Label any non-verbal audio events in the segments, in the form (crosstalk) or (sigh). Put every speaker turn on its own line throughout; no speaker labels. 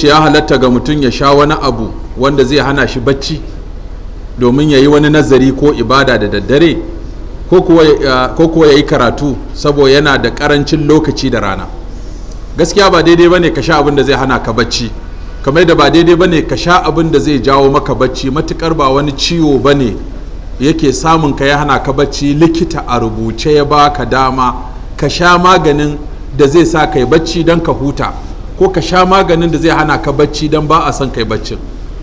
ce ya halatta ga mutum ya sha wani abu wanda zai hana shi bacci domin ya yi wani nazari ko ibada da daddare ko kuwa ya yi karatu saboda yana da karancin lokaci da rana gaskiya ba daidai bane ka sha abin da zai hana ka bacci kamar da ba daidai bane ka sha abin da zai jawo maka bacci matukar ba wani ciwo bane yake samun ka ya hana ka bacci likita a rubuce ya baka dama ka sha maganin da zai sa kai bacci don ka huta ko ka sha maganin da zai hana ka bacci don ba a son kai baccin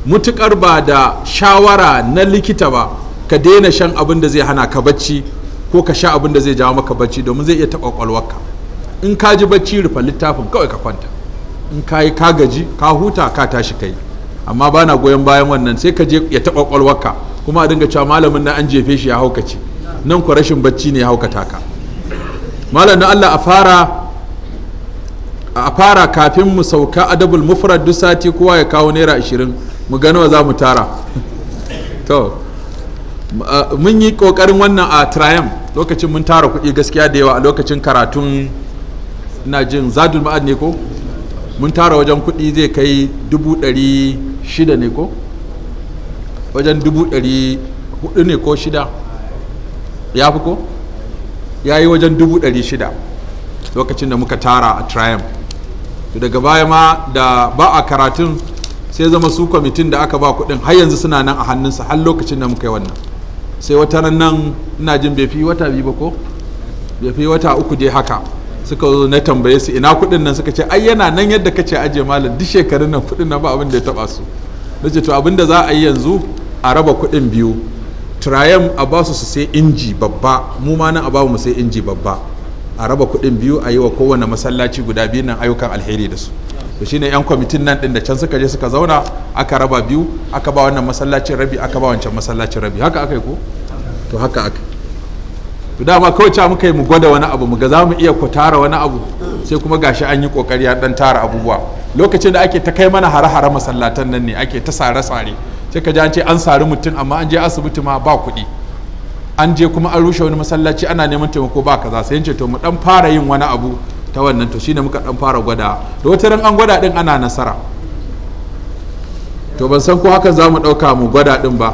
mutukar ba da shawara na likita ba ka daina shan abin da zai hana ka bacci ko ka sha abin da zai jawo maka bacci domin zai iya taɓa ƙwaƙwalwarka in ka ji bacci rufe littafin kawai ka kwanta in ka yi ka gaji ka huta ka tashi kai amma ba na goyon bayan wannan sai ka je ya taɓa ƙwaƙwalwarka kuma a dinga cewa malamin na an jefe shi ya haukace nan ku rashin bacci ne ya haukata ka malam na allah a fara a fara kafin mu sauka adabul mufrad duk sati kowa ya kawo naira ashirin mu gano za mu tara to mun yi kokarin wannan a trium lokacin mun tara kuɗi gaskiya da yawa a lokacin karatun ina jin zadul ma'ad ne ko mun tara wajen kuɗi zai kai dubu ɗari shida ne ko wajen dubu ɗari hudu ne ko shida ya fi ko ya yi wajen dubu ɗari shida lokacin da muka tara a triumph daga baya ma da ba a karatun sai zama su kwamitin da aka ba kuɗin har yanzu suna nan a hannunsa har lokacin da muka yi wannan sai wata nan nan ina jin bai fi wata biyu ba ko bai fi wata uku je haka suka zo na tambaye su ina kuɗin nan suka ce ai yana nan yadda kace aje malam duk shekarun nan kuɗin nan ba abin da ya taba su nace to abin da za a yi yanzu a raba kuɗin biyu turayen a basu su sai inji babba mu ma nan a babu mu sai inji babba a raba kuɗin biyu a yi wa kowane masallaci guda biyu nan ayyukan alheri da su to shine yan kwamitin nan din da can suka je suka zauna aka raba biyu aka ba wannan masallacin rabi aka ba wancan masallacin rabi haka aka yi ko to haka aka to dama kawai ta muka yi mu gwada wani abu mu ga za mu iya ku tara wani abu sai kuma gashi an yi kokari ya dan tara abubuwa lokacin da ake ta kai mana hare-hare masallatan nan ne ake ta sare-sare sai ka ji an ce an sari mutum amma an je asibiti ma ba kuɗi an je kuma an rushe wani masallaci ana neman taimako ba kaza sai ce to mu dan fara yin wani abu ta wannan to shine muka dan fara gwada da wata ran an gwada din ana nasara to ban san ko haka za mu ɗauka mu gwada din ba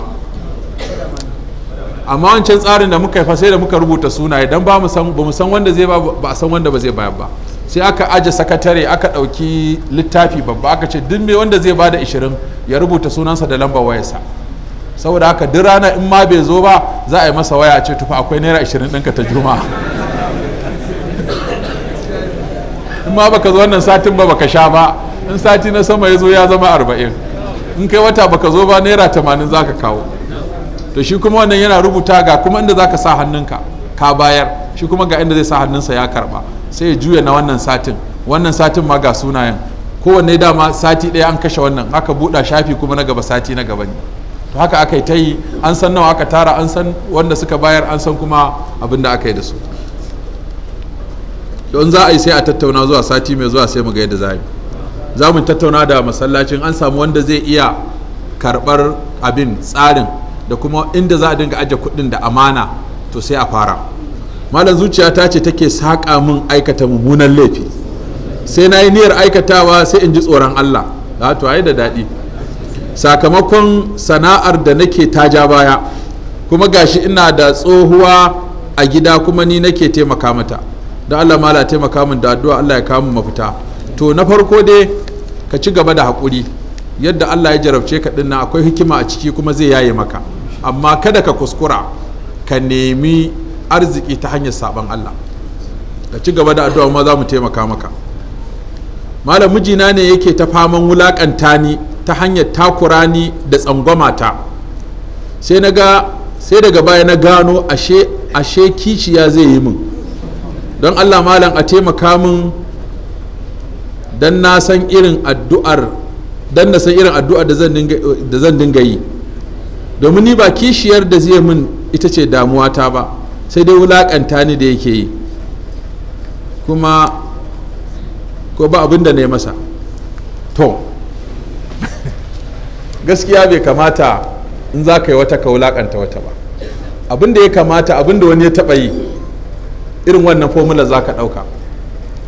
amma wancan tsarin da muka fa sai da muka rubuta sunaye dan ba mu san ba mu san wanda zai ba ba a san wanda ba zai bayar ba sai aka aje sakatare aka ɗauki littafi babba aka ce duk me wanda zai ba da 20 ya rubuta sunansa da lambar wayarsa saboda haka duk rana in ma bai zo ba za a yi masa waya ce tufa akwai naira ashirin ɗinka ta juma'a (laughs) in ma baka zo wannan satin ba baka sha ba in sati na sama ya zo ya zama arba'in in kai wata baka zo ba naira tamanin za ka kawo to shi kuma wannan yana rubuta ga kuma inda za ka sa hannunka ka bayar shi kuma ga inda zai sa hannunsa ya karba sai ya juya na wannan satin wannan satin ma ga sunayen kowanne dama sati ɗaya an kashe wannan haka buɗa shafi kuma na gaba sati na gaba ne to haka aka yi ta yi an san nawa aka tara an san wanda suka bayar an san kuma abin da aka yi da su don za a yi sai a tattauna zuwa sati mai zuwa sai mu ga yadda za a yi za mu tattauna da masallacin an samu wanda zai iya karɓar abin tsarin da kuma inda za a dinga ajiye kuɗin da amana to sai a fara malam zuciya ta ce take saƙa min aikata mummunan laifi sai na yi niyyar aikatawa sai in ji tsoron allah to ai da daɗi sakamakon sana'ar da nake taja baya kuma gashi ina da tsohuwa a gida kuma ni nake taimaka mata don allah mala taimaka min da addu'a allah ya kamun mafita to na farko dai ka ci gaba da haƙuri yadda allah ya jarabce ka dinnan akwai hikima a ciki kuma zai yaye maka amma kada ka kuskura ka nemi arziki ta hanyar saban allah ka ci gaba da addu'a ma za mu taimaka maka malam mijina ne yake ta faman wulakanta ni ta hanyar takura ni da tsangwamata sai na ga sai daga baya na gano ashe ashe kiciya zai yi min don allah malam a taimaka min don na san irin addu'ar don na san irin addu'ar da zan dinga yi domin ni ba kishiyar da zai min ita ce damuwata ba sai dai wulakanta ni da yake yi kuma ko ba abin da na yi masa to gaskiya bai kamata in za ka yi wata ka wulakanta wata ba abin da ya kamata abin da wani ya taɓa yi irin wannan fomula za ka ɗauka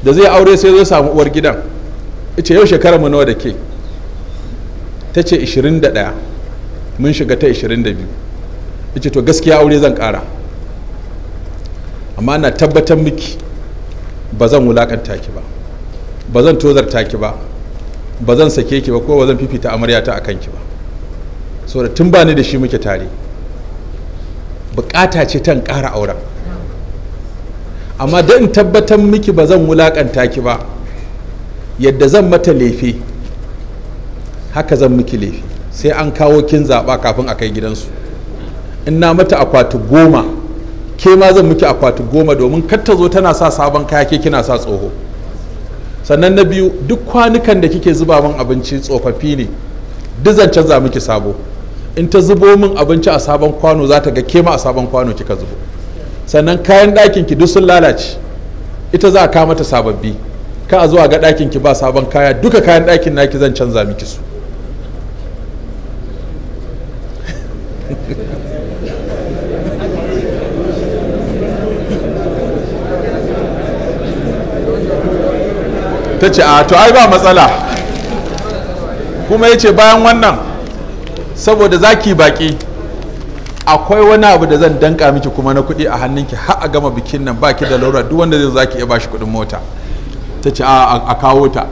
da zai aure sai zai samu uwar gidan ita yau shekara mu nawa da ke ta ce 21 mun shiga ta 22 ita to gaskiya aure zan ƙara amma na tabbatar miki ba zan wulakanta ki ba ba zan tozarta ki ba ba zan sake ki ba ko ba zan fifita amaryata a kanki ba da tun ba ni da shi muke tare bukata ce tan kara auren amma don in tabbatar miki ba zan wulaƙanta ki ba yadda zan mata lefe haka zan miki lefe sai an kawo kin zaba kafin a kai gidansu in na mata akwati goma ke ma zan miki akwati goma domin kar ta zo tana sa sabon kaya ke kina sa tsoho sannan na biyu duk kwanukan da kike zuba min abinci tsofaffi ne duk zan canza miki sabo in ta zubo min abinci a sabon kwano za ta ga kema a sabon kwano kika zubo sannan kayan ɗakin ki duk sun lalace ita za a kama ta sababbi ka a zuwa ga ɗakin ki ba sabon kaya duka kayan ɗakin naki zan canza miki su (laughs) ta ce a to ai ba matsala kuma ya ce bayan wannan saboda zaki baki akwai wani abu da zan danka miki kuma na kuɗi a hannunki har a gama bikin nan baki da laura duk wanda zai zaki iya bashi kuɗin mota ta ce a kawo ta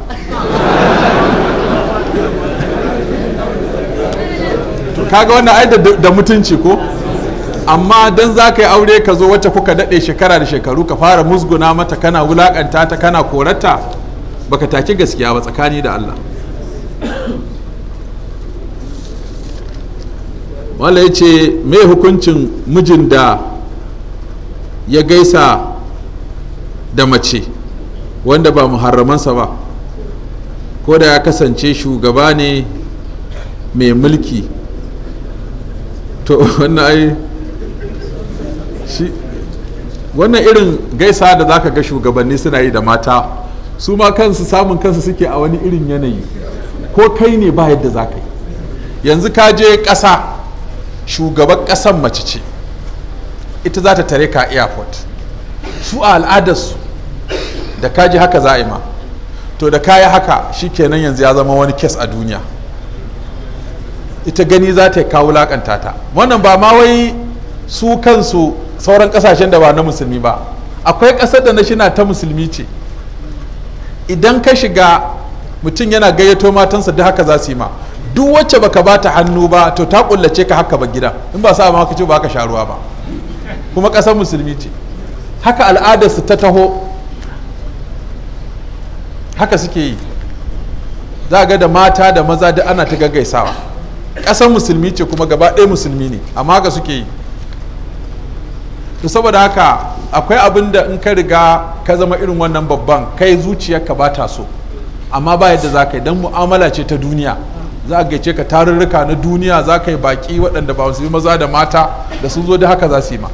kaga wannan ai da mutunci ko amma don za ka yi aure ka zo wacce kuka daɗe shekara da shekaru ka fara musguna mata kana wulaƙanta ta kana korata baka taki gaskiya ba tsakani da allah wala ya ce me hukuncin mijin da ya gaisa da mace wanda ba muharramansa ba ko da ya kasance shugaba ne mai mulki to (laughs) wannan ai shi wannan irin gaisa da zaka ga shugabanni suna yi da mata su ma kansu samun kansu suke a wani irin yanayi ko kai ne ba yadda za yi yanzu ka je ƙasa shugaban kasan mace ce ita za ta tare ka airport su a al'adarsu da kaji haka za a ma to da kaya haka shi kenan yanzu ya zama wani kes a duniya ita gani za ta kawo lakanta ta wannan ba ma wai su kansu sauran kasashen da ba na musulmi ba akwai ƙasar da na shina ta musulmi ce idan ka shiga mutum yana gayyato matansa da haka za su yi ma duk wacce baka bata hannu ba to ta kullace ka haka ba gida in ba sa ma ka ce ba ka sharuwa ba kuma kasar musulmi ce haka al'adarsu ta taho haka suke yi za ga da mata da maza da ana ta gaggaisawa ƙasar musulmi ce kuma gaba ɗaya musulmi ne amma haka suke yi to saboda haka akwai abin da in ka riga ka zama irin wannan babban kai zuciyarka ba ta so amma ba yadda za ka yi don mu'amala ce ta duniya za a gaice ka tarurruka na duniya za ka yi baki waɗanda ba su yi maza da mata da sun zo da haka za su yi ma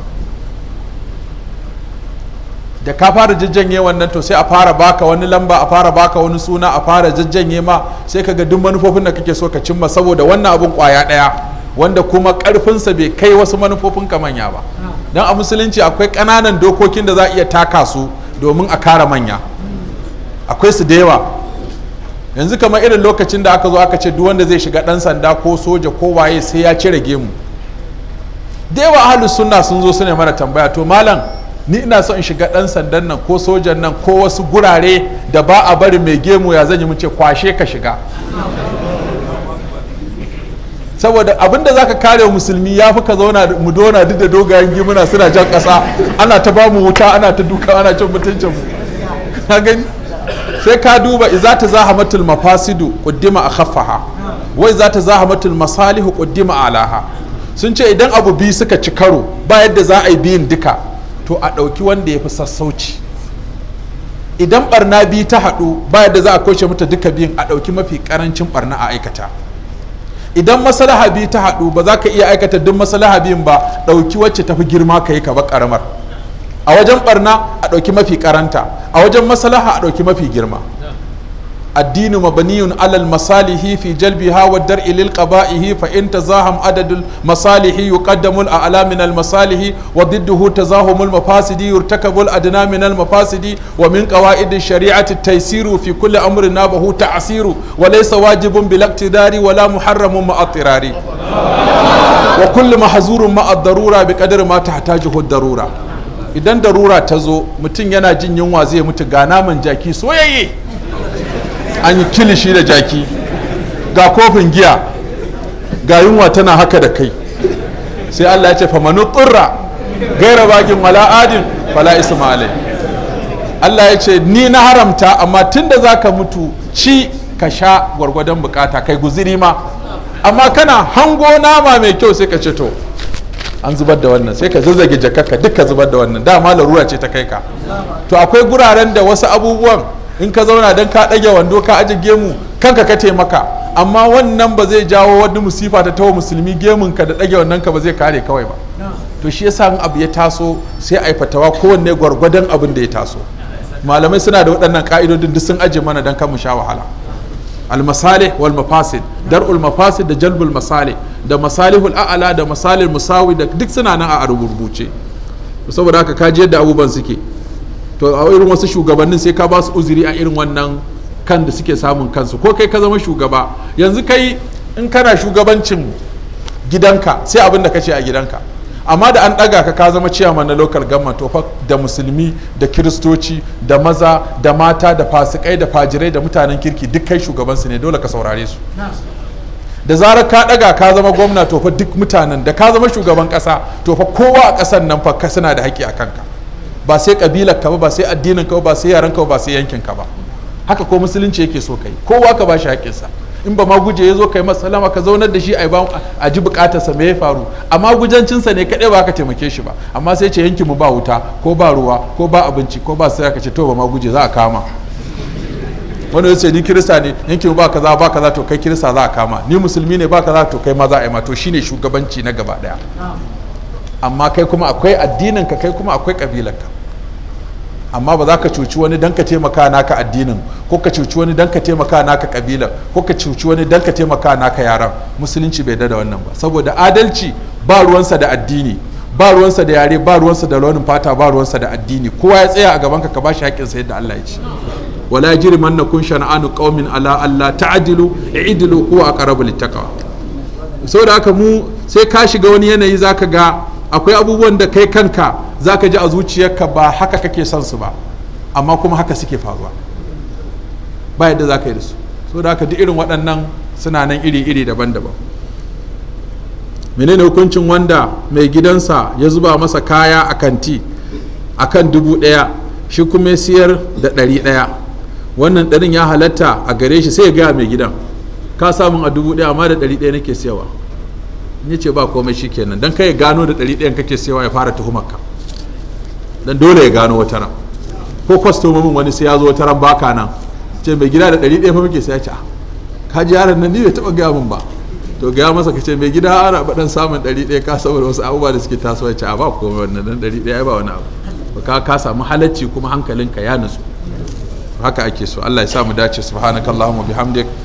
da ka fara jajjanye wannan to sai a fara baka wani lamba a fara baka wani suna a fara jajjanye ma sai ka ga duk manufofin da kake so ka cimma saboda wannan abun kwaya ɗaya wanda kuma ƙarfinsa bai kai wasu manufofin ka manya ba don a musulunci akwai ƙananan dokokin da za a iya taka su domin a kara manya akwai su da yawa yanzu kamar irin lokacin da aka zo aka ce wanda zai shiga dan sanda ko soja ko waye sai ya cire gemu da yawa sunna sun zo suna mana tambaya to malam ni ina so in shiga dan sandan nan ko sojan nan ko wasu gurare da ba a bari mai gemu ya zanyi muce kwashe ka shiga saboda abinda zaka kare musulmi ya fi ka zauna mu dona duk da dogayen gimuna suna jan kasa ana ta ba mu wuta ana ta duka ana cin mutuncin mu ka gani sai ka duba iza ta zahamatul mafasidu quddima akhaffaha wai za ta zahamatul masalihu a alaha sun ce idan abu biyu suka ci karo ba yadda za a yi biyun duka to a ɗauki wanda ya fi sassauci idan barna biyu ta haɗu ba yadda za a kwashe mata duka biyun a ɗauki mafi ƙarancin barna a aikata idan masalaha biyu ta haɗu ba za ka iya aikata duk masalaha biyun ba ɗauki wacce tafi girma ka yi ka ba ƙaramar a wajen ɓarna a ɗauki mafi karanta a wajen masalaha a ɗauki mafi girma addini mabaniyun alal masalihi fi jalbi ha wa dar'i lil qaba'ihi fa adadul masalihi yuqaddamul a'la min masalihi wa didduhu tazahumul mafasidi yurtakabul adna min mafasidi wa min qawaid al shari'ati taysiru fi kulli amrin nabahu ta'siru wa laysa wajibin bil wala wa la muharramun wa kullu mahzurun ma ad darura bi qadri ma tahtajuhu ad darura idan darura ta zo mutum yana jin yunwa zai mutu ga naman jaki soyayye an yi kilishi da jaki ga kofin giya ga yunwa tana haka da kai sai allah ya ce famanu tsurra gaira bakin wala adin fala ismailai allah ya ce ni na haramta amma tun da za ka mutu ci ka sha gwargwadon bukata kai guziri ma amma kana hango nama mai kyau sai ka ce to an zubar da wannan sai ka zazzage jakarka duk ka zubar da wannan dama larura ce ta kai ka to akwai guraren da wasu abubuwan in ka zauna don ka ɗage wando ka aje gemu kanka ka taimaka amma wannan ba zai jawo wani musifa ta tawo musulmi gemun ka da ɗage wannan ka ba zai kare kawai ba to shi yasa abu ya taso sai a yi fatawa kowanne gwargwadon abin da ya taso malamai suna da waɗannan ka'idodin duk sun aje mana don kan mu sha wahala almasale wal mafasid dar'ul mafasid da jalbul masale da masalihul a'ala da masalil musawi da duk suna nan a rubuce saboda haka ka kaji yadda abubuwan suke to a irin wasu shugabannin sai ka ba su uzuri a irin wannan kan da suke samun kansu ko kai ka zama shugaba yanzu kai in kana shugabancin gidanka sai abin da ce a gidanka amma da an ɗaga ka ka zama ciyaman na local gama to fa da musulmi da kiristoci da maza da mata da fasikai da fajirai da mutanen kirki duk kai shugabansu ne dole ka saurare su da zarar ka ɗaga ka zama gwamna to fa duk mutanen da ka zama shugaban ƙasa to fa kowa a ƙasan nan fa suna da haƙƙi a kanka ba sai ƙabilar ka ba ba sai addinin ka ba sai yaran ka ba sai yankin ka ba haka ko musulunci yake so kai kowa ka ba shi haƙƙinsa in ba maguje ya zo kai masa salama ka zaunar da shi a ji bukatarsa me ya faru amma gujancinsa ne kaɗai ba ka taimake shi ba amma sai ce yankinmu mu ba wuta ko ba ruwa ko ba abinci ko ba sai ka ce to ba maguje za a kama wani ya ce ni kirista ne yankinmu mu ba kaza ba kaza to kai kirista za a kama ni musulmi ne ba kaza to kai ma za a yi ma to shine shugabanci na gaba daya amma kai kuma akwai addinin ka kai kuma akwai kabilar ka amma ba za ka cuci wani dan ka taimaka naka addinin ko ka cuci wani dan ka taimaka naka kabila ko ka cuci wani dan ka taimaka naka yaran musulunci bai da wannan ba saboda adalci ba ruwansa da addini ba ruwansa da yare ba ruwansa da launin fata ba ruwansa da addini kowa ya tsaya a gaban ka ka bashi sa yadda Allah ya ce wala na kun shana'anu qaumin ala Allah ta'dilu i'dilu huwa aqrabu littaqwa saboda haka mu sai ka shiga wani yanayi zaka ga akwai abubuwan da kai kanka za ka ji a zuciyarka ba haka kake son su ba amma kuma haka suke faruwa ba yadda za ka yi da su so da haka duk irin waɗannan suna nan iri-iri daban-daban menene hukuncin wanda mai gidansa ya zuba masa kaya a kanti a kan dubu ɗaya shi kuma siyar da ɗari ɗaya wannan ɗarin ya halatta a gare shi sai ya gaya mai gidan ka samun a dubu ɗaya amma da ɗari ɗaya nake siyarwa ya ce ba komai shi kenan don kai gano da ɗari ɗayan kake sayawa ya fara tuhumarka don dole ya gano wata ran ko kwastomomin wani sai ya zo wata ran baka nan ce mai gida da ɗari ɗaya fa muke sai ya ce ah, ka ji yaron nan ni bai taɓa gaya min ba to gaya masa ka ce mai gida ana ba dan samun ɗari ɗaya ka saboda wasu abubuwa da suke tasowa ya ce a ah, ba komai wannan dan ɗari ɗaya ba wani abu ka ka samu halacci kuma hankalinka ya nutsu haka ake so Allah ya sa mu dace subhanakallahumma bihamdika